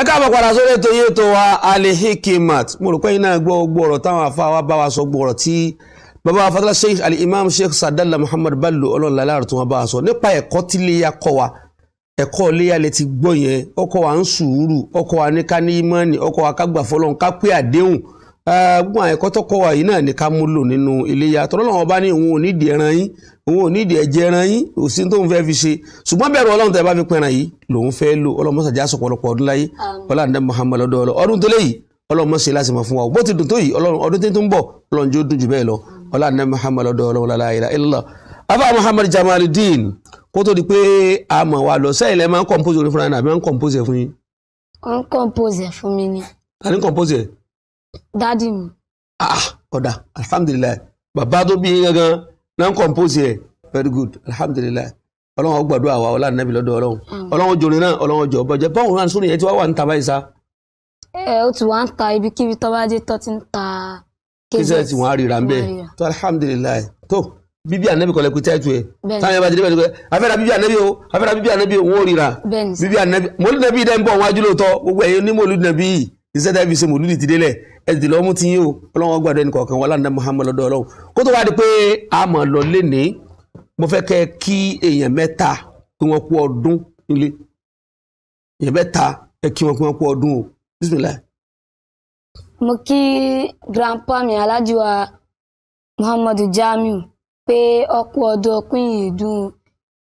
ẹ káàbọ̀ padà sórí ètò yìí ètò wa al mo rò pé iná gbọ́ gbọ́ ọ̀rọ̀ táwọn afáwa bá wa sọ gbọ́ ọ̀rọ̀ tí bàbá wa fatala sheikh ali imam sheikh sadala muhammad Bello ọlọ́ọ̀lá láàrọ̀ tí wọ́n bá wa sọ nípa ẹ̀kọ́ tí léya kọ́ wa ẹ̀kọ́ léya lè ti gbọ́ yẹn ọkọ̀ wa ń sùúrù ọkọ̀ wa ní ká ní ìmánì ọkọ̀ wa ká gbà fọlọ́n ká pé àdéhùn gbọ́n ẹ̀kọ́ tó kọ́ wa yìí náà ní ká múlò nínú iléyà tọ́lọ́wọ́n bá ní òun ò nídìí ẹ̀jẹ̀ ẹran yín kò sí tóun fẹ́ fi ṣe ṣùgbọ́n bẹ̀rù ọlọ́run tẹ́ bá fi pẹran yìí lòun fẹ́ lò ọlọ́mọsàjà sọ̀pọ̀lọpọ̀ ọdún láyé ọlọ́run Muhammad lọ́dọ̀ ọlọ́ ọdún tó léyìí ọlọ́run mọ̀ṣẹ́ láti mọ̀ fún wa bó ti dùn tó yìí ọlọ́run ọdún tó ń bọ̀ ọlọ́run jó dùn jù bẹ́ẹ̀ lọ ọlọ́run Muhammad lọ́dọ̀ ọlọ́run lálẹ́ àyè tó ah, ah ọ̀dà alhamdulilayi bàbá tó bí yín gangan náà ń compose yẹ very good alhamdulilayi ọlọ́run gbàdúrà wa ọlá nàbí lọ́dọ̀ ọlọ́run ọlọ́run jòrè náà ọlọ́run jọ bọ́jẹ́ bọ́ọ̀n náà sórí yẹn tí wọ́n wà ń ta báyìí sá. ẹ ó ti wá ń ta ibikíbi tó bá dé tó ti ń ta kz kz wọn á rí ra ń bẹ tó alhamdulilayi tó bíbí ànábì kọlẹ kú táìtù ẹ táwọn bá ti bẹ́ẹ̀ afẹ́ra bíbí ànábì o afẹ́ra bíbí ànábì o wọn ò ríra bíbí ànábì mọ́lúdàbí dẹ́ ń bọ̀ wájú iṣẹ́ tẹ́bí ṣe mòlúdì ti délẹ̀ ẹ ti lọ́ọ́ mú ti yín o ọlọ́run gbàdúrà ẹnì kọ̀ọ̀kan wà lánàá Muhammad lọ́dọ̀ ọlọ́run kó tó wá di pé a mọ̀ lọ léni mo fẹ́ kẹ́ kí èèyàn mẹ́ta kí wọ́n kú ọdún nílé èèyàn mẹ́ta ẹ kí wọ́n kí wọ́n kú ọdún o bísímìlá. mo kí grandpa mi alájùwà Muhammadu Jamiu pé ọkú ọdún ọkùnrin ìdùn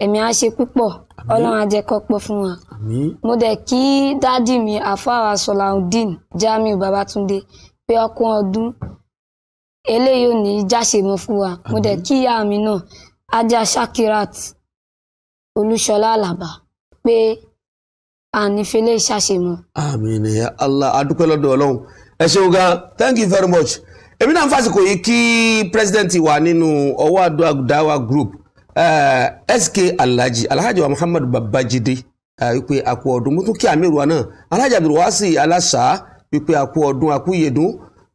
ẹ̀mí á ṣe púpọ̀ ọlọ́run á jẹ́ kọ́pọ̀ fún wa. mo dẹ̀ kí dádì mi àfáwà sọ̀làùdín jamiu babatunde pé ọkùn ọdún eléyìí ò ní jáṣe mọ́ fún wa mo dẹ̀ kí ìyá mi náà ajá shakirat olúṣọlá àlàbà pé ànífẹ́lẹ́ ṣàṣe mọ́. àmín ya allah adúpẹ́ lọ́dọ̀ ọlọ́run ẹ ṣeun gan thank you very much èmi náà ń fàsìkò yìí kí president wa nínú ọwọ́ àdúrà dáwà group uh, eh, sk alhaji alhaji wa muhammad babajide eh, wípé uh, àkú ọdún mo tún kí àmì ìrùwà alhaji abdulwasi alasa wípé àkú ọdún àkú ìyèdún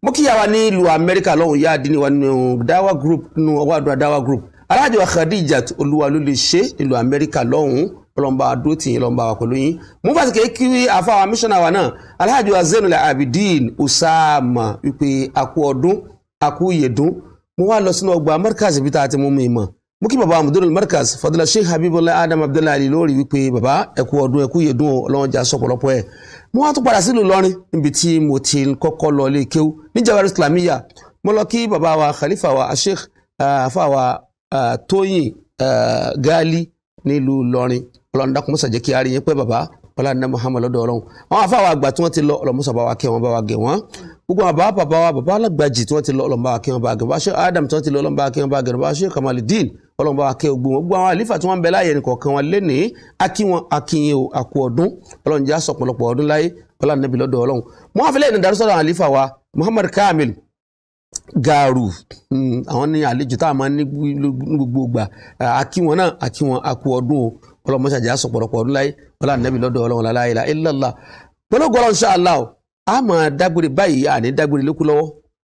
mo kíyà wa ní ìlú amẹ́ríkà lọ́hùn yá àdínní wa nínú dáwà group nínú ọwọ́ àdúrà dáwà group alhaji wa khadijat olúwa ló lè ṣe ìlú amẹ́ríkà lọ́hùn ọlọ́mba dúró tì yín lọ́mba wa pẹ̀lú yín mo bá ti kẹ́ kí wa náà alhaji wa zainul abidin usama wípé àkú ọdún àkú ìyèdún mo wá lọ sínú ọgbà amẹ́ríkà síbi tá a ti mú kí baba amudul markaz fadila sheikh habibullah adam abdullahi ali lórí wípé baba ẹkú ọdún ẹkú yẹdùn ọlọ́run jà sọ̀pọ̀lọpọ̀ ẹ̀ mo wá tún padà sílùú lọrin níbi tí mo ti kọ́kọ́ lọ ilé kéwú ní jawari islamiyya mo lọ kí baba wa khalifa wa sheikh afa wa tóyìn gaali nílùú lọrin ọlọ́run dákun mọ́sàjẹ́ kí ari yẹn pé baba ọlọ́run muhammed lọ́dọ̀ ọlọ́run àwọn afa wa àgbà tí wọ́n ti lọ ọlọ́mọ́sà bá wa kẹ́ wọn bá wa gẹ̀ wọ́n gbogbo àbá bàbá wa bàbá alágbàjì tí wọ́n ti lọ ọlọ́mọba akẹ́wọ̀n bá gẹ̀ bá sheikh adam tí wọ́n ti lọ ọlọ́mọba akẹ́wọ̀n bá gẹ̀ bá sheikh kamaludin ọlọ́run bá wa kẹ́ ogbó wọn gbogbo àwọn àlífà tí wọ́n ń bẹ láàyè nìkọ̀ọ̀kan wọn lénìí akí wọn akínyìn o àkú ọdún ọlọ́run já sọ̀pọ̀lọpọ̀ ọdún láyé ọlọ́run nẹ́bí lọ́dọ̀ ọlọ́run wọ́n fi lẹ́yìn ìdárúsọ̀rọ̀ àwọn àlífà wa Muhammad Kamil Garu hmm, àwọn ní àlejò tá a máa ní gbogbo gbà akí wọn náà akí wọn àkú ọdún o ọlọ́run mọ́ṣájà sọ̀pọ̀lọpọ̀ ọdún láyé ọlọ́run nẹ́bí lọ́dọ̀ la ilaha illallah pẹ̀lú Allah a máa dágbére báyìí àní dágbére lókù lọ́wọ́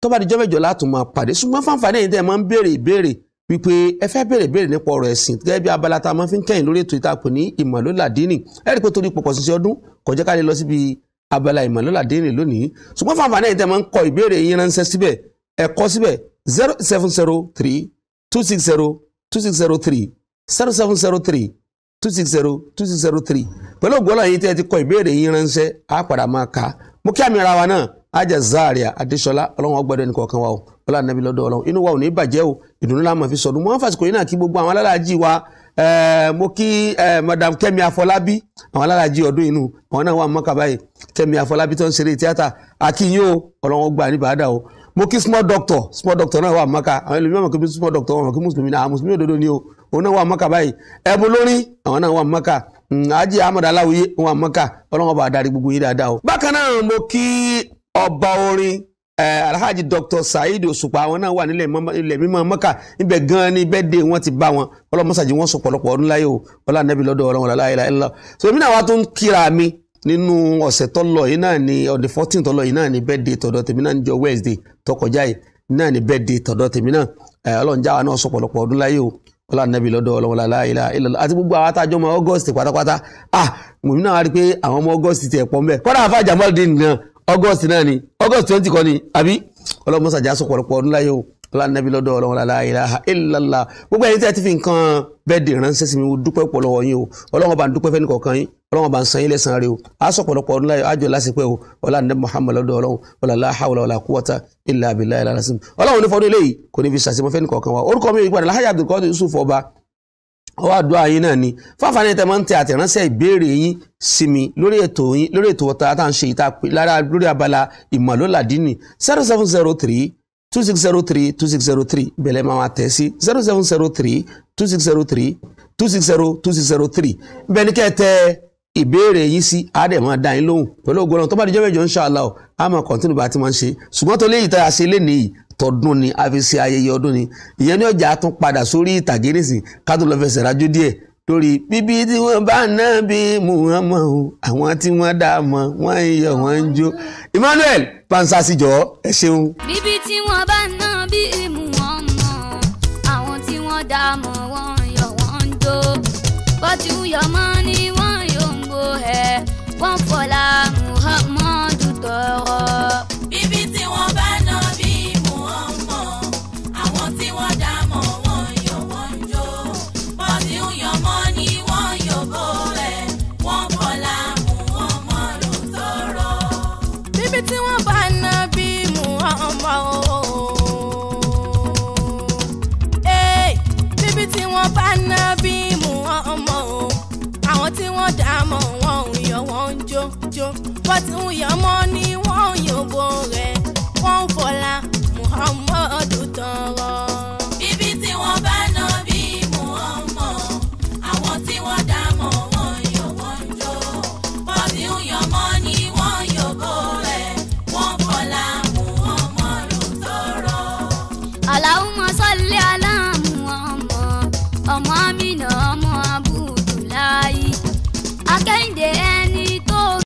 tó bá di jọ́mẹ́jọ láti máa pàdé ṣùgbọ́n wípé ẹ fẹ́ béèrè béèrè nípa ọ̀rọ̀ ẹ̀sìn gẹ́gẹ́ bí abala tá a máa fi ń kẹ́yìn lórí ètò ìtàkùn ní ìmọ̀lólàdínì ẹ rí i pé torí pọ̀pọ̀ sísẹ ọdún kò jẹ́ ká lè lọ síbi abala ìmọ̀lólàdínì lónìí ṣùgbọ́n fàǹfààní ẹ̀yin tẹ́ máa ń kọ ìbéèrè yín ránṣẹ́ síbẹ̀ ẹ kọ síbẹ̀ zero seven zero three two six zero two six zero three zero seven zero three two six zero two six zero three pẹ̀lú ògbọ́lọ̀ yín tẹ́ ti kọ ìbéèrè yín ránṣẹ́ á padà máa kà á mo kí àmì ara wa náà ajá zaria adéṣọlá ọlọ́run ọgbẹ́dọ̀ ẹnì kọ̀ọ̀kan wa o ọlá nàbí lọ́dọ̀ ọlọ́run inú wa ò ní bàjẹ́ o ìdùnnú la máa fi sọdún mọ́ fàṣìkò yìí náà kí gbogbo àwọn alálàájì wa mo kí madam kẹ́mi afọlábí àwọn alálàájì ọdún inú àwọn náà wà mọ́kà báyìí kẹ́mi afọlábí tó ń ṣeré tíátà akínyìn o ọlọ́run gbà ní bàdà o mo kí small doctor small doctor náà wà mọ́kà àwọn ẹlòmíràn mọ̀ kí small doctor wọn kí mùsùlùmí náà àwọn mùsùlùmí òdodo ni o òun náà wà mọ́kà báyìí ẹ̀bù lórí àwọn náà wà mọ́kà Haji hmm, Ahmad wà mọ́kà ọlọ́run ọba àdarí gbogbo yìí dáadáa o. bákan náà mo kí ọba orin eh, alhaji dr saheed òṣùpá àwọn náà wà nílẹ̀ mímọ́ mọ́kà níbẹ̀ gan-an ní bẹ́ẹ̀dẹ̀ wọn ti bá wọn ọlọ́mọṣàjì wọn sọ pọ̀lọpọ̀ ọdún láyé o ọlá nẹ́bí lọ́dọ̀ ọlọ́run ọ̀la ìlà ìlà so èmi náà wá tó ń kíra mi nínú ọ̀sẹ̀ tó yìí náà ni ọ̀dẹ̀ fourteen tó lọ yìí náà ni bẹ́ẹ̀dẹ̀ tọ̀dọ̀ tèmi náà níjọ́ wednesday tó kọjá yìí náà ni bẹ́ẹ̀dẹ̀ tọ̀dọ̀ tèmi náà eh, ọlọ́run jáwa náà sọ pọ̀lọpọ̀ ọdún láyé o ọlá nàbì lọ́dọ̀ ọlọ́wọ́lá láìlá ìlọ́lá àti gbogbo àwọn atájọ́ ọmọ August pátápátá ah mòmí náà wá rí i pé àwọn ọmọ August ti ẹ̀ pọ̀ mbẹ́ kọ́dà august náà ni august twenty kọ́ ni àbí ọlọ́mọsà jásọ pọ̀lọpọ̀ ọdún láyé o ọlànàbí lọ́dọ̀ ọlọ́run la ilaha illallah gbogbo ẹni tí a ti fi nǹkan bẹ́ẹ̀ dè ránṣẹ́ sí mi o dúpẹ́ pọ̀ lọ́wọ́ yín o ọlọ́run bá ń dúpẹ́ fẹ́ni kọ̀ọ̀kan yín ọlọ́run bá ń san yín lẹ́sàn-án rẹ o a sọ ọdún láyé àjọ lásìpẹ́ o ọlànàbí muhammad lọ́dọ̀ ọlọ́run ọlọ́lá hawla wala quwwata illa billahi ọlọ́run ní fọdún eléyìí kò ní fi ṣàṣemọ́ fẹ́ni wa orúkọ mi ìgbàdàn láhàyà abdulkadir yusuf ọba ọwọ́ àdúrà yín náà ni fáfáni tẹ́ máa ń tẹ àtẹ̀ránṣẹ́ ìbéèrè yín sí mi lórí ètò yín lórí ètò ọ̀tá tá à ń ṣe ìta lára lórí abala ìmọ̀lódàdínì zero seven zero three two six zero three two six zero three bẹ̀lẹ̀ máa tẹ̀ sí zero seven zero three two six zero three two six zero two six zero three bẹ́ẹ̀ ni kẹ́ tẹ ìbéèrè yín sí àádẹ́ máa dá yín lóhùn pẹ̀lú ògbọ́n tó bá di jọ́mẹ́jọ ń ṣàlàó àmọ́ kọ̀ntínú bá ti ń ṣe ṣùgbọ́n tó léyìí tá a ṣe lénìí tọdún ni a fi ṣe ayẹyẹ ọdún ni ìyẹn ní ọjà tún padà sórí ìtàgé nísìn ká tó rájú díẹ̀ torí bíbí tí wọ́n bá náà bí muhammadu àwọn tí wọ́n dá mọ̀ wọ́n ń yọ̀ wọ́n ń jó Emmanuel pansasi jọ ẹ ṣeun. bíbí tí wọ́n bá náà bí muhammadu àwọn tí wọ́n dá mọ̀ wọ́n ń yọ̀ wọ́n ń jó bọ́jú yọmọ ni wọ́n yóò ń bo ẹ̀ wọ́n fọlá muhammadu tọ́. pode um